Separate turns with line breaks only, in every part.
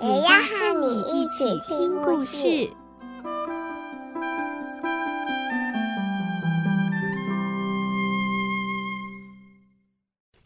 也要和你一起聽故事。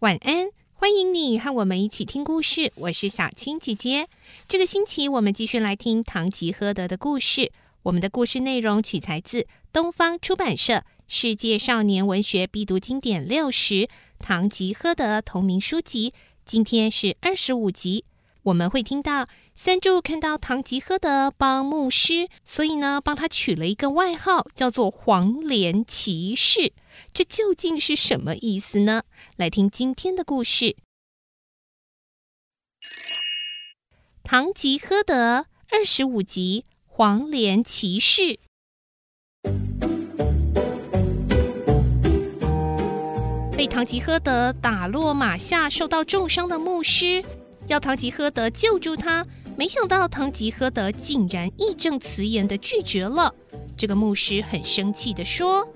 晚安，歡迎你和我們一起聽故事。我是小青姐姐。這個星期我們繼續來聽《唐吉訶德》的故事。我們的故事內容取材自東方出版社《世界少年文學必讀經典六十》《唐吉訶德》同名書籍。今天是二十五集。我們會聽到三助看到唐吉訶德幫牧師，所以呢，幫他取了一個外號，叫做黃蓮騎士。這究竟是什麼意思呢？來聽今天的故事，《唐吉訶德》二十五集《黃蓮騎士》，被唐吉訶德打落馬下，受到重傷的牧師。要唐吉訶德救助他，沒想到唐吉訶德竟然義正辭嚴地拒絕了。這個牧師很生氣地說：“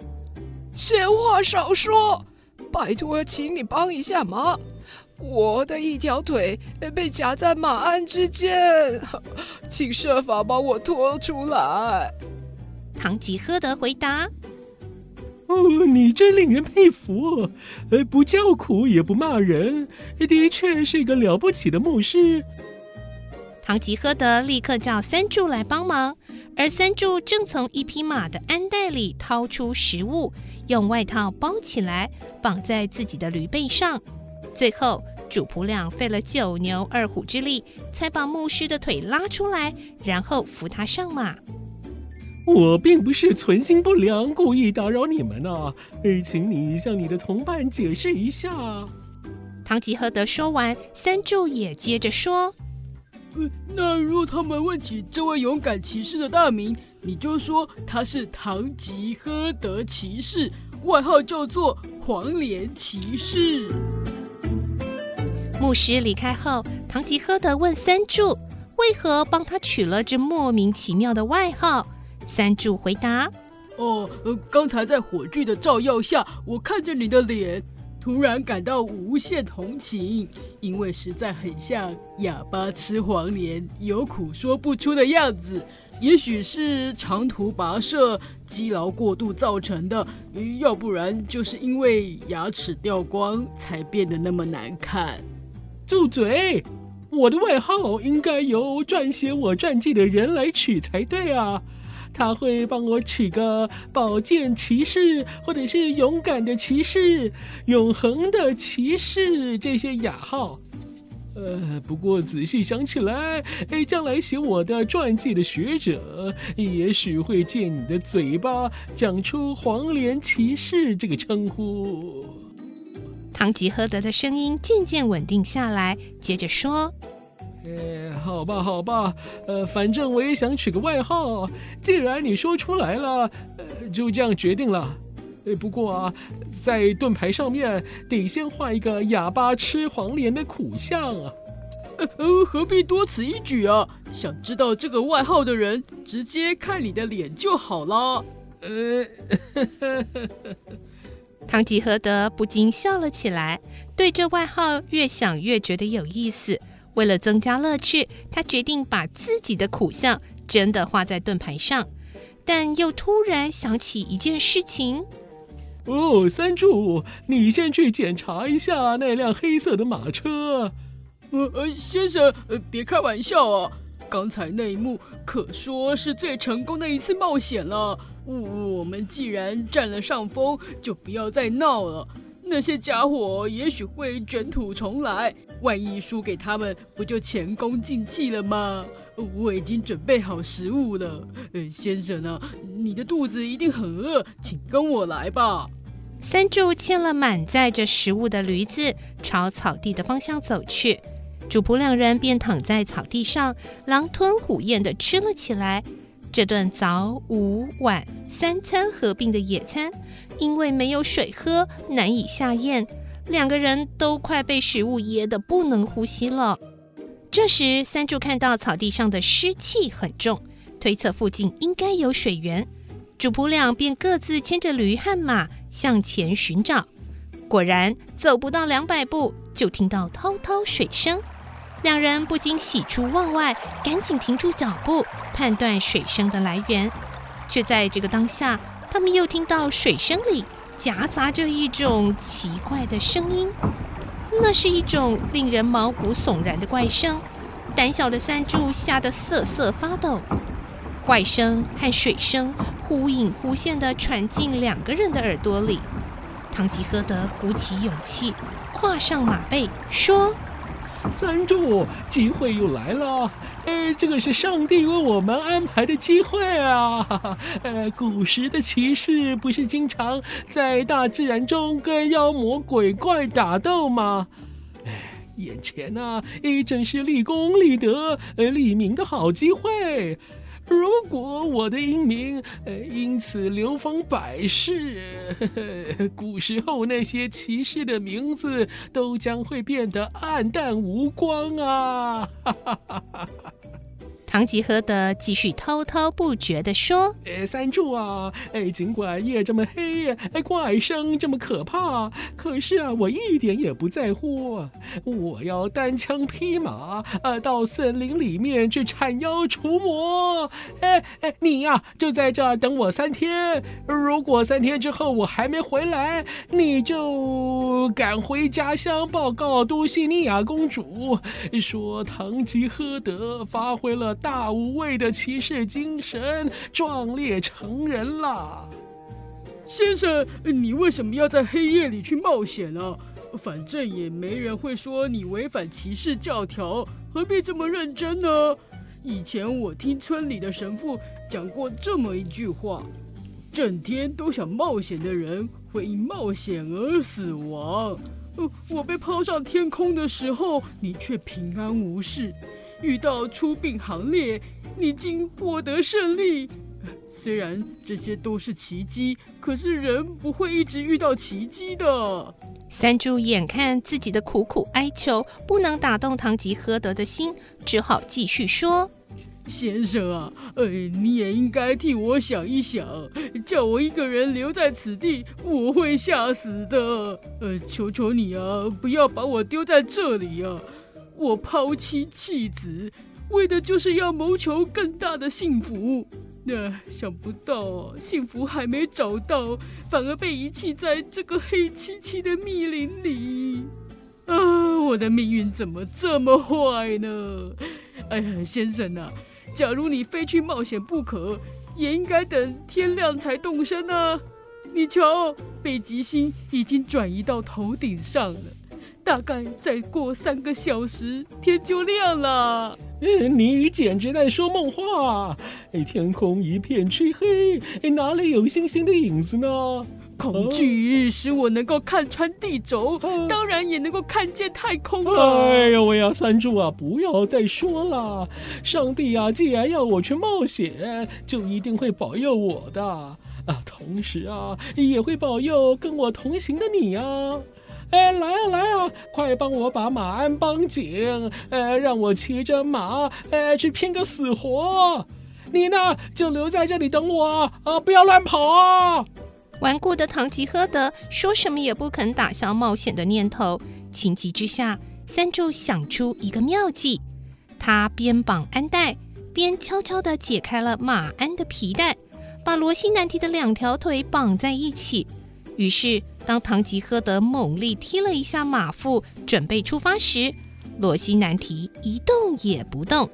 閒話少說，拜託，請你幫一下忙。我的一條腿被夾在馬鞍之間，請設法把我拖出來。”唐吉訶德回答。哦、你真令人佩服，呃、哎，不叫苦也不罵人，的確是一個了不起的牧師。唐吉訶德立刻叫三助來幫忙，而三助正從一匹馬的鞍袋裡掏出食物，用外套包起來，綁在自己的驢背上。最後，主僕倆費了九牛二虎之力，才把牧師的腿拉出來，然後扶他上馬。
我並不是存心不良，故意打擾你們吶。誒，請你向你的同伴解釋
一下。唐吉訶德說完，三助也接着說，呃：“那若他們問起這位勇敢騎士的大名，你就說他
是唐吉訶德騎士，外號叫做黃蓮騎
士。”牧師離開後，唐吉訶德問三助：“為何幫他取了這莫名其妙的外號？”三助回答：“哦、呃，剛才在火炬的照耀下，我看着你的臉，
突然感到無限同情，因為實在很像啞巴吃黃連，有苦說不出的樣子。也許是長途跋涉、疲勞過度造成的、呃，要不然就是因為牙齒掉光才變得那麼難看。
住嘴！我的外號應該由撰寫我傳記的人來取才對啊。”他會幫我取個“寶劍騎士”或者是“勇敢的騎士”、“永恆的騎士”這些雅號，呃，不過仔細想起來，誒，將來寫我的傳記的學者，也許會借你的
嘴巴講出“黃蓮騎士”這個稱呼。唐吉訶德的聲音漸漸穩定下來，接着說。呃，好吧，好吧，呃，反正我也想取個外號。既然你說出來
了，呃，就這樣決定了。呃、不過啊，在盾牌上面得先畫一個啞巴吃黃連的苦相啊呃。呃，何必多
此一舉啊？想知道這個外號的人，直接看你的臉就好了。呃，呵呵
呵，唐吉訶德不禁笑了起來，對這外號越想越覺得有意思。為了增加樂趣，他決定把自己的苦相真的畫在盾牌上，但又突然想起一件事情。哦，三助，你先去
檢查一下那輛黑色的馬車。
呃呃，先生，呃，別開玩笑啊！剛才那一幕可說是最成功的一次冒險了。呃，我們既然占了上風，就不要再鬧了。那些家夥也許會捲土重來。萬一輸給他們，不就前功盡棄了嗎？我已經準備好食物了，先生呢、啊？你的
肚子一定很餓，請跟我來吧。三助牽了滿載着食物的驢子，朝草地的方向走去。主僕兩人便躺在草地上，狼吞虎咽地吃了起來。這頓早午晚三餐合併的野餐，因為沒有水喝，難以下咽。兩個人都快被食物噎得不能呼吸了。這時，三助看到草地上的濕氣很重，推測附近應該有水源，主僕倆便各自牽着驢和馬向前尋找。果然，走不到兩百步，就聽到滔滔水聲，兩人不禁喜出望外，趕緊停住腳步，判斷水聲的來源。卻在這個當下，他們又聽到水聲裡。夾雜着一種奇怪的聲音，那是一種令人毛骨悚然的怪聲。膽小的三助嚇得瑟瑟發抖，怪聲和水聲忽隱忽現的傳進兩個人的耳朵裡。唐吉訶德鼓起勇氣，跨上馬背，說。三助，機會又來
了！哎，這個是上帝為我們安排的機會啊！呃、哎，古時的騎士不是經常在大自然中跟妖魔鬼怪打鬥嗎？哎，眼前呢、啊，也、哎、正是立功立德呃立名的好機會。如果我的英名，呃，因此流芳百世，呵呵，古時候那些騎士的名字都將會變得黯淡無光啊！
唐吉訶德繼續滔滔不絕的說：“
三助啊、哎，儘管夜這麼黑，哎，怪聲這麼可怕，可是啊，我一點也不在乎。我要單槍匹馬，啊、到森林裡面去鏟妖除魔。哎哎、你呀、啊，就在這兒等我三天。如果三天之後我還沒回來，你就趕回家鄉報告多西尼亞公主，說唐吉訶德發揮了。”大無畏的騎士精神，壯烈成人啦！先生，你為什麼要在黑夜裡去冒險呢、
啊？反正也沒人會說你違反騎士教條，何必這麼認真呢？以前我聽村裡的神父講過這麼一句話：整天都想冒險的人會因冒險而死亡。我被拋上天空的時候，你卻平安無事。遇到出殯行列，你竟獲得勝利。雖然這些都是奇蹟，可是人不會一直遇到奇蹟的。
三助眼看自己的苦苦哀求不能打動唐吉訶德的心，只好繼續說：“
先生啊，呃、哎，你也應該替我想一想，叫我一個人留在此地，我會嚇死的。呃、哎，求求你啊，不要把我丟在這裡啊！”我拋妻棄子，為的就是要謀求更大的幸福。那想不到啊，幸福還沒找到，反而被遺棄在這個黑漆漆的密林裡。啊，我的命運怎麼這麼壞呢？哎呀，先生吶、啊，假如你非去冒險不可，也應該等天亮才動身啊。你瞧，北極星已經轉移到頭頂上了。大概再過三個小時，天就亮了。
嗯、欸，你簡直在說夢話、欸。天空一片漆黑、欸，哪裡有星星的影子呢？恐懼、
啊、使我
能夠看穿地軸，
啊、當然也能夠看見太空了。啊、哎呀，
我呀，三助啊，不要再說了。上帝啊，既然要我去冒險，就一定會保佑我的。啊，同時啊，也會保佑跟我同行的你啊。哎，來啊，來啊，快幫我把馬鞍綁緊，呃、哎，讓我騎着馬，
呃、哎，去拼個死活。你呢，就留在這裡等我啊，不要亂跑啊！頑固的唐吉訶德說什麼也不肯打消冒險的念頭。情急之下，三助想出一個妙計，他邊綁鞍帶，邊悄悄地解開了馬鞍的皮帶，把羅西南提的兩條腿綁在一起。於是。當唐吉訶德猛力踢了一下馬腹，準備出發時，羅西南提一動也不動。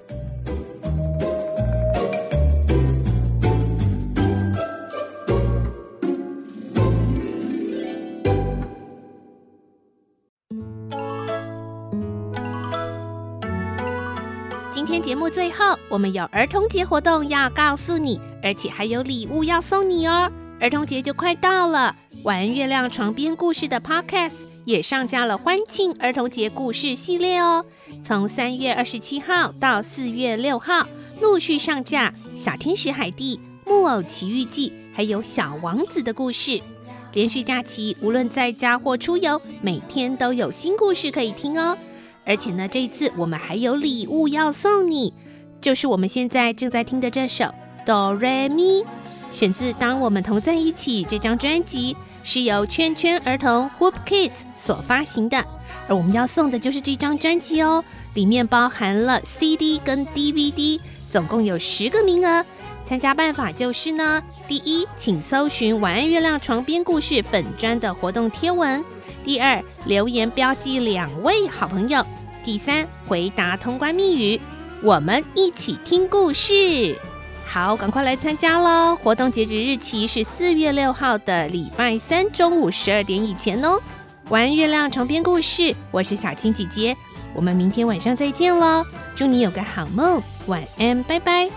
今天節目最後，我們有兒童節活動要告訴你，而且還有禮物要送你哦。兒童節就快到了，玩月亮床邊故事的 Podcast 也上架了歡慶兒童節故事系列哦。從三月二十七號到四月六號，陸續上架《小天使海蒂》《木偶奇遇記》還有《小王子》的故事。連續假期，無論在家或出遊，每天都有新故事可以聽哦。而且呢，這一次我們還有禮物要送你，就是我們現在正在聽的這首哆瑞咪。選自《當我們同在一起》這張專輯是由圈圈兒童 （Whoop Kids） 所發行的，而我們要送的就是這張專輯哦。裡面包含了 CD 跟 DVD，總共有十個名額。參加辦法就是呢：第一，請搜尋“晚安月亮床邊故事”本專的活動貼文；第二，留言標記兩位好朋友；第三，回答通關密語。我們一起聽故事。好，趕快來參加嘍！活動截止日期是四月六號的禮拜三中午十二點以前哦。晚安，月亮床邊故事，我是小青姐姐，我們明天晚上再見嘍！祝你有個好夢，晚安，拜拜。